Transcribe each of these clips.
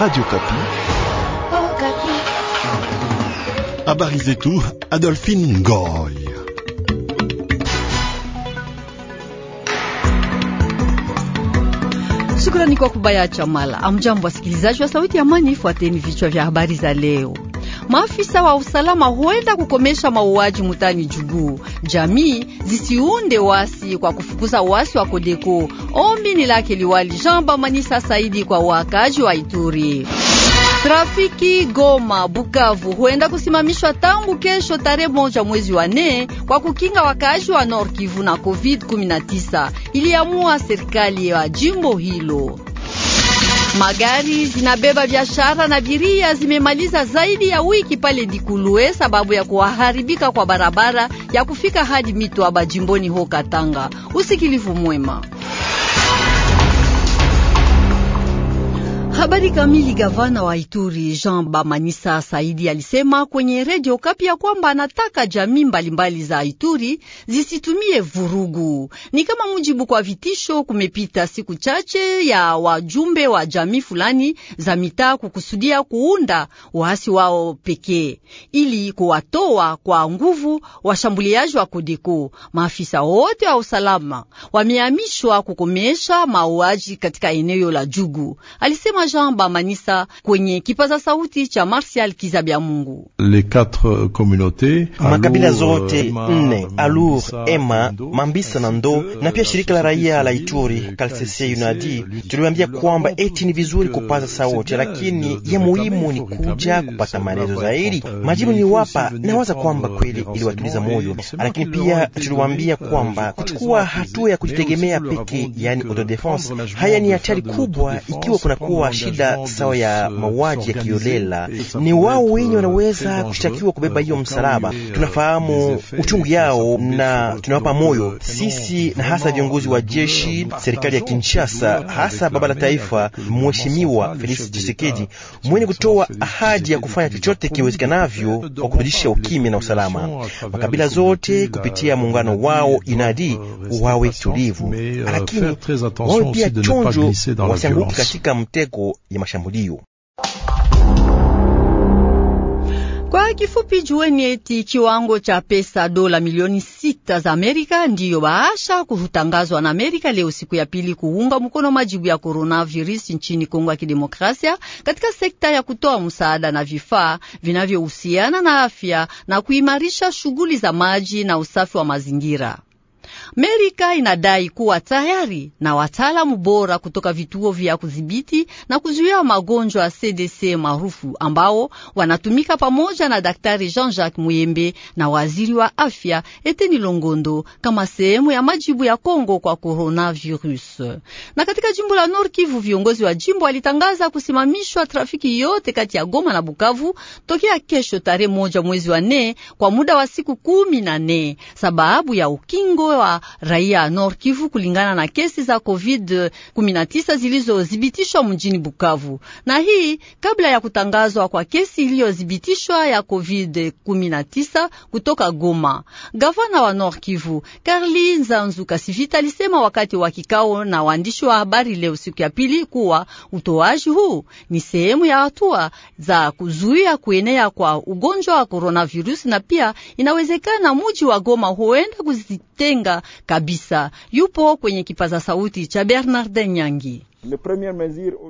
Radio Kapi. Oh, Kapi. Habari zetu Adolphine Ngoy. Shukrani kwa kubaya chamala. Amjambo wasikilizaji wa Sauti ya Amani, fuateni vichwa vya habari za leo maafisa wa usalama huenda kukomesha mauaji mutani Jugu. Jamii zisiunde wasi kwa kufukuza wasi wa Kodeko. Ombi ni lake liwali Jamba Manisa Saidi kwa wakaji wa Ituri. Trafiki Goma Bukavu huenda kusimamishwa tangu kesho tarehe moja mwezi wa nne kwa kukinga wakaaji wa Nord Kivu na COVID-19, iliamua serikali ya jimbo hilo. Magari zinabeba biashara na biria zimemaliza zaidi ya wiki pale Dikulue sababu ya kuharibika kwa barabara ya kufika hadi Mitwaba jimboni ho Katanga. Usikilivu mwema. Habari kamili. Gavana wa Ituri Jean Bamanisa Saidi alisema kwenye redio Kapia kwamba anataka jamii mbalimbali za Ituri zisitumie vurugu. Ni kama mujibu kwa vitisho, kumepita siku chache ya wajumbe wa jamii fulani za mitaa kukusudia kuunda waasi wao pekee ili kuwatoa kwa nguvu washambuliaji wa Kodeko. Maafisa wote wa usalama wamehamishwa kukomesha mauaji katika eneo la Jugu, alisema Jean Bamanisa kwenye kipaza sauti cha Martial Kizabia Mungu. Makabila zote nne Alur, Ema, Mambisa na Ndo na pia shirika la raia la Ituri Kalsesia Unadi tuliwaambia kwamba eti ni vizuri kupaza sauti, lakini ya muhimu ni kuja kupata maelezo zaidi. Majibu wapa nawaza kwamba kweli iliwatuliza moyo, lakini pia tuliwaambia kwamba kuchukua hatua ya kujitegemea peke, yani autodefense, haya ni hatari kubwa ikiwa kunakuwa shida sawa ya mauaji ya kiolela, ni wao wenye euh, wanaweza kushtakiwa kubeba hiyo msalaba. Tunafahamu euh, uchungu yao na tunawapa moyo euh, sisi, na hasa viongozi wa jeshi, serikali ya Kinshasa, hasa baba la taifa Mheshimiwa Felix Tshisekedi mwenye kutoa ahadi ya kufanya chochote kiwezekanavyo kwa kurudisha ukimya na usalama. Makabila zote kupitia muungano wao inadi wawe tulivu, lakini wawe pia chonjo, wasianguke katika mtego ya mashambulio. Kwa kifupi jueni eti kiwango cha pesa dola milioni sita za Amerika ndiyo baasha kutangazwa na Amerika leo siku ya pili kuunga mkono majibu ya coronavirus nchini Kongo ya Kidemokrasia katika sekta ya kutoa msaada na vifaa vinavyohusiana na afya na kuimarisha shughuli za maji na usafi wa mazingira. Amerika inadai kuwa tayari na wataalamu bora kutoka vituo vya kudhibiti na kuzuia magonjwa ya CDC maarufu ambao wanatumika pamoja na Daktari Jean-Jacques Muyembe na waziri wa afya Eteni Longondo kama sehemu ya majibu ya Kongo kwa coronavirus. Na katika jimbo la Nord Kivu, viongozi wa jimbo walitangaza kusimamishwa trafiki yote kati ya Goma na Bukavu tokea kesho tarehe moja mwezi wa nne kwa muda wa siku kumi na nne sababu ya ukingo wa raia Nord Kivu kulingana na kesi za COVID-19 zilizodhibitishwa mjini Bukavu. Na hii kabla ya kutangazwa kwa kesi iliyodhibitishwa ya COVID-19 kutoka Goma. Gavana wa Nord Kivu Karli Nzanzu Kasivita alisema wakati wa kikao na waandishi wa habari leo siku ya pili kuwa utoaji huu ni sehemu ya hatua za kuzuia kuenea kwa ugonjwa wa coronavirus na pia inawezekana muji wa Goma huenda kuzitenga kabisa. Yupo kwenye kipaza sauti cha Bernard Nyangi.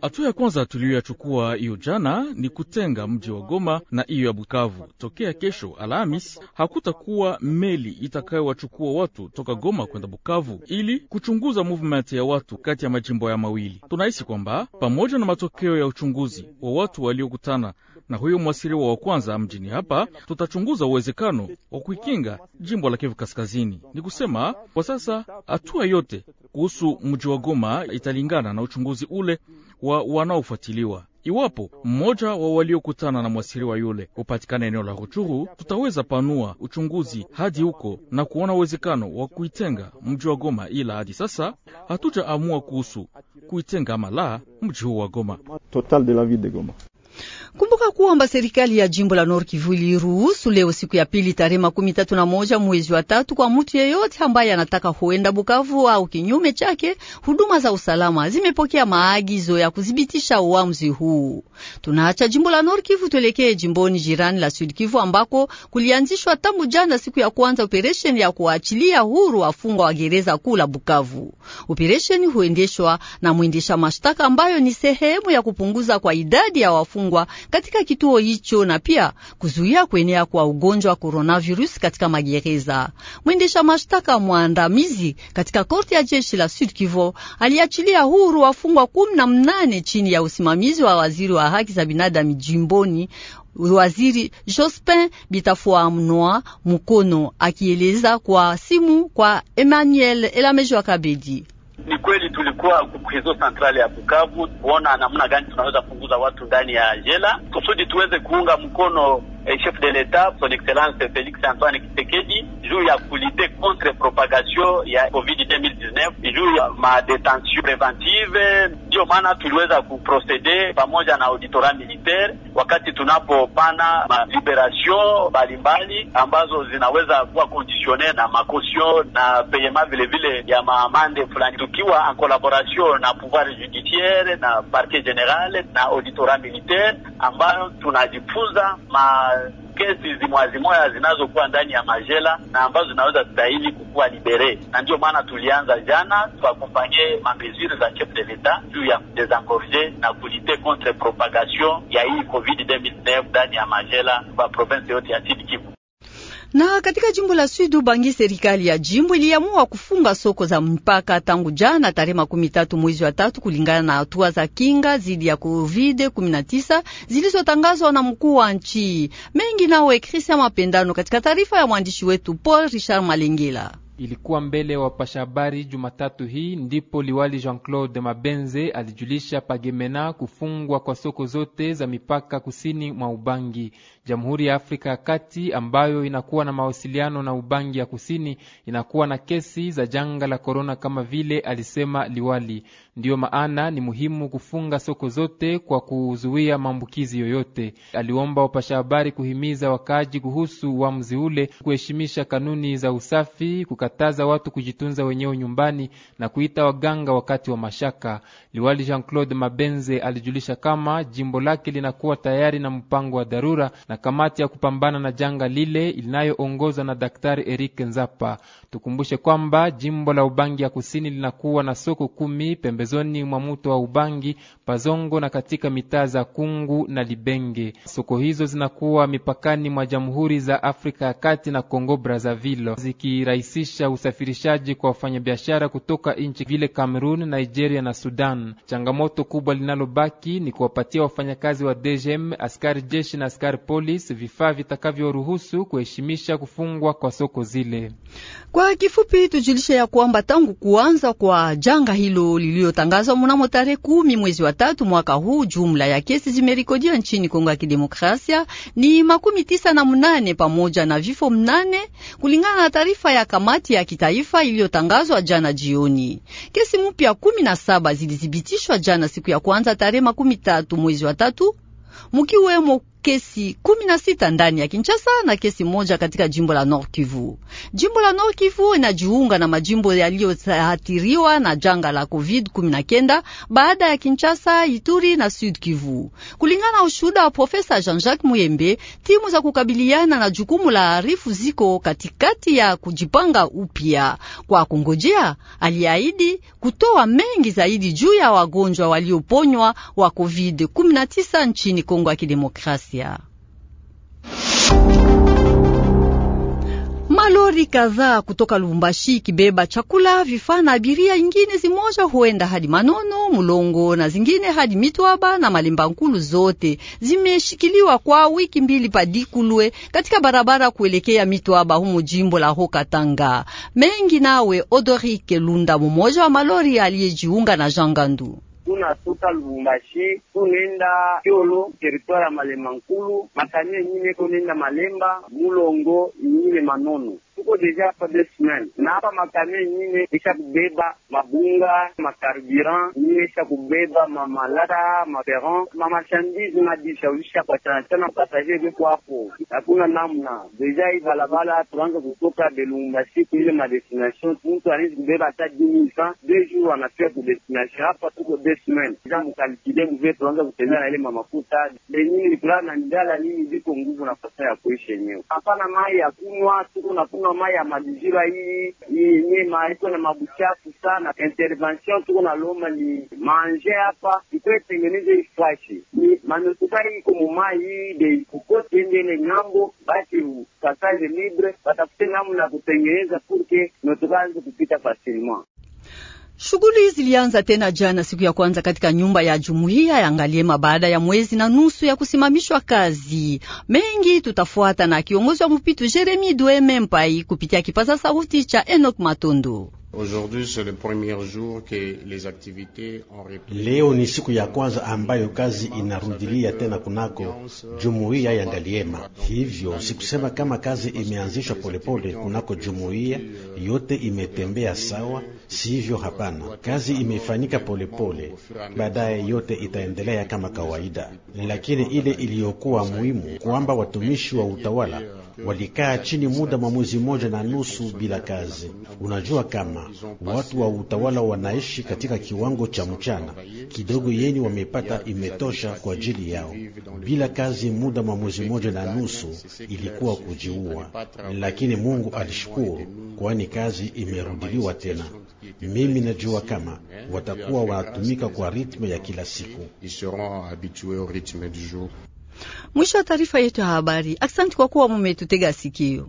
Hatua ya kwanza tuliyoyachukua hiyo jana ni kutenga mji wa Goma na hiyo ya Bukavu. Tokea kesho Alhamis, hakutakuwa meli itakayowachukua watu toka Goma kwenda Bukavu ili kuchunguza movement ya watu kati ya majimbo ya mawili. Tunahisi kwamba pamoja na matokeo ya uchunguzi wa watu waliokutana na huyo mwasiriwa wa kwanza mjini hapa, tutachunguza uwezekano wa kuikinga jimbo la Kivu Kaskazini. Ni kusema kwa sasa hatua yote kuhusu mji wa Goma italingana na uchunguzi ule wa wanaofuatiliwa. Iwapo mmoja wa waliokutana na mwasiriwa yule hupatikana eneo la Ruchuru, tutaweza panua uchunguzi hadi huko na kuona uwezekano wa kuitenga mji wa Goma, ila hadi sasa hatujaamua kuhusu kuitenga ama la mji huu wa Goma. Total de la de Goma. Kumbuka kuwamba serikali ya jimbo la Nord Kivu iliruhusu leo siku ya pili tarehe makumi tatu na moja mwezi wa tatu kwa mtu yeyote ambaye anataka huenda Bukavu au kinyume chake. Huduma za usalama zimepokea maagizo ya kudhibitisha uamuzi huu. Tunaacha jimbo la Nord Kivu tuelekee jimboni jirani la Sud Kivu ambako kulianzishwa tangu jana siku ya kwanza operesheni ya kuachilia huru wafungwa wa gereza kuu la Bukavu. Operesheni huendeshwa na mwendesha mashtaka ambayo ni sehemu ya kupunguza kwa idadi ya wafungwa katika kituo hicho na pia kuzuia kuenea kwa ugonjwa wa coronavirus katika magereza. Mwendesha mashtaka mwandamizi katika korti ya jeshi la Sud Kivu aliachilia huru wafungwa kumi na mnane chini ya usimamizi wa waziri wa haki za binadamu jimboni Waziri Jospin Bitafua Mnoa Mukono akieleza kwa simu kwa Emmanuel Elamejo Kabedi. Ni kweli tulikuwa hizo santrali ya Bukavu kuona namna gani tunaweza kupunguza watu ndani ya jela kusudi tuweze kuunga mkono et chef de l'État, son Excellence Félix Antoine joue juu ya contre la propagation ya Covid 2019, juu ya madetention preventive. Ndio maana tuliweza kuprocede pamoja na auditorat militaire wakati tunapopana maliberation mbalimbali ambazo zinaweza kuwa conditione na makosio na peyema vilevile ya maamande fulani, tukiwa en collaboration na pouvoir judiciaire na parquet général, na auditora militaire ambayo tunajifunza ma kesi zimwazimwaya zinazokuwa ndani ya majela na ambazo zinaweza stahili kukuwa libere, na ndio maana tulianza jana tuakompanye mamesure za chef de l'etat juu ya kudesankorge na kulite contre propagation ya hii covid 2009 ndani ya majela kwa province yote ya Sud Kivu. Na katika jimbo la Sud Ubangi, serikali ya jimbo iliamua kufunga soko za mpaka tangu jana tarehe makumi tatu mwezi wa tatu, kulingana na hatua za kinga zidi ya Covid 19 zilizotangazwa na mkuu wa nchi. Mengi nawe Christian Mapendano, katika taarifa ya mwandishi wetu Paul Richard Malengela. Ilikuwa mbele ya wapasha habari Jumatatu hii ndipo liwali Jean-Claude Mabenze alijulisha pagemena kufungwa kwa soko zote za mipaka kusini mwa Ubangi. Jamhuri ya Afrika ya Kati ambayo inakuwa na mawasiliano na Ubangi ya kusini inakuwa na kesi za janga la korona, kama vile alisema liwali. Ndiyo maana ni muhimu kufunga soko zote kwa kuzuia maambukizi yoyote. Aliomba wapasha habari kuhimiza wakaaji kuhusu uamuzi ule, kuheshimisha kanuni za usafi kuka kukataza watu kujitunza wenyewe nyumbani na kuita waganga wakati wa mashaka. Liwali Jean-Claude Mabenze alijulisha kama jimbo lake linakuwa tayari na mpango wa dharura na kamati ya kupambana na janga lile linayoongozwa na Daktari Eric Nzapa. Tukumbushe kwamba jimbo la Ubangi ya kusini linakuwa na soko kumi pembezoni mwa muto wa Ubangi, Pazongo na katika mitaa za Kungu na Libenge. Soko hizo zinakuwa mipakani mwa jamhuri za Afrika ya Kati na Kongo Brazzaville zikirahisisha kurahisisha usafirishaji kwa wafanyabiashara kutoka nchi vile cameron Nigeria na Sudan. Changamoto kubwa linalobaki ni kuwapatia wafanyakazi wa DGM, askari jeshi na askari polisi vifaa vitakavyoruhusu kuheshimisha kufungwa kwa soko zile. Kwa kifupi, tujulishe ya kwamba tangu kuanza kwa janga hilo liliyotangazwa mnamo tarehe kumi mwezi wa tatu mwaka huu, jumla ya kesi zimerekodiwa nchini Kongo ya Kidemokrasia ni makumi tisa na mnane pamoja na vifo mnane kulingana na taarifa ya kamati ripoti ya kitaifa iliyotangazwa jana jioni. Kesi mpya kumi na saba zilithibitishwa jana siku ya kwanza tarehe makumi tatu mwezi wa tatu, mukiwemo kesi kumi na sita ndani ya Kinshasa na kesi moja katika jimbo la Nord Kivu. Jimbo la Nord Kivu inajiunga na majimbo yaliyoathiriwa na janga la COVID-19 baada ya Kinshasa, Ituri na Sud Kivu. Kulingana na ushuhuda wa Profesa Jean-Jacques Muyembe, timu za kukabiliana na jukumu la arifu ziko katikati ya kujipanga upya kwa kungojea. Aliahidi kutoa mengi zaidi juu ya wagonjwa walioponywa wa COVID-19 nchini Kongo ya Kidemokrasia afya. Malori kadhaa kutoka Lubumbashi ikibeba chakula, vifaa na abiria, ingine zimoja huenda hadi Manono, Mulongo na zingine hadi Mitwaba na Malemba Nkulu, zote zimeshikiliwa kwa wiki mbili padikulwe katika barabara kuelekea Mitwaba humu jimbo la Haut-Katanga. Mengi nawe Odorike Lunda, mumoja wa malori aliyejiunga na Jangandu tunatoka Lubumbashi tunenda Kyolo teritware ya Malema Nkulu Matania nyine nenda Malemba Mulongo nyine Manono tuko deja hapa de semaine na hapa makame nyine isha kubeba mabunga makarburant nyine isha kubeba mamalata maperon mamarchandise madishawisha kuachana chana pasager viko hapo, hakuna namna. Deja hii balabala tuanze kutoka Belumbashi kuile madestination, mtu anawezi kubeba hata dix mille jour anafia jours anafika kudestination. Hapa tuko de semaine deja, mukalikile muvie tuanze kutembea na ile mamakuta lenyini likulala na ndala nini, ziko nguvu na fasa ya kuishi yenyewe, hapana mai ya kunywa, tuko na hakuna mai ya madizira hii yenyema iko na mabuchafu sana. Intervention tuko na loma ni manje hapa ikuwe tengeneze ifashi ni manekuta hii iko hii de kukote endele ngambo basi pasaje libre batafute namna kutengeneza purke notukaanze kupita facilement Shughuli zilianza tena jana siku ya kwanza katika nyumba ya jumuiya ya Ngaliema baada ya mwezi na nusu ya kusimamishwa kazi. Mengi tutafuata na kiongozi wa Mupitu Jeremi Dueme Mpai kupitia kipaza sauti cha enok Matundu. Leo ni siku ya kwanza ambayo kazi inarudilia tena kunako euh, jumuiya ya Ngaliema. Hivyo sikusema kama kazi imeanzishwa polepole kunako jumuiya euh, yote, imetembea sawa, sivyo? Hapana, kazi imefanyika polepole, baadaye yote itaendelea kama kawaida, lakini ile iliyokuwa muhimu kwamba watumishi wa utawala walikaa chini muda mwa mwezi mmoja na nusu bila kazi. Unajua kama watu wa utawala wanaishi katika kiwango cha mchana kidogo, yeni wamepata imetosha kwa ajili yao. Bila kazi muda mwa mwezi mmoja na nusu ilikuwa kujiua, lakini Mungu alishukuru, kwani kazi imerudiliwa tena. Mimi najua kama watakuwa wanatumika kwa ritme ya kila siku. Mwisho wa taarifa yetu ya habari. Asante kwa kuwa mumetutega sikio.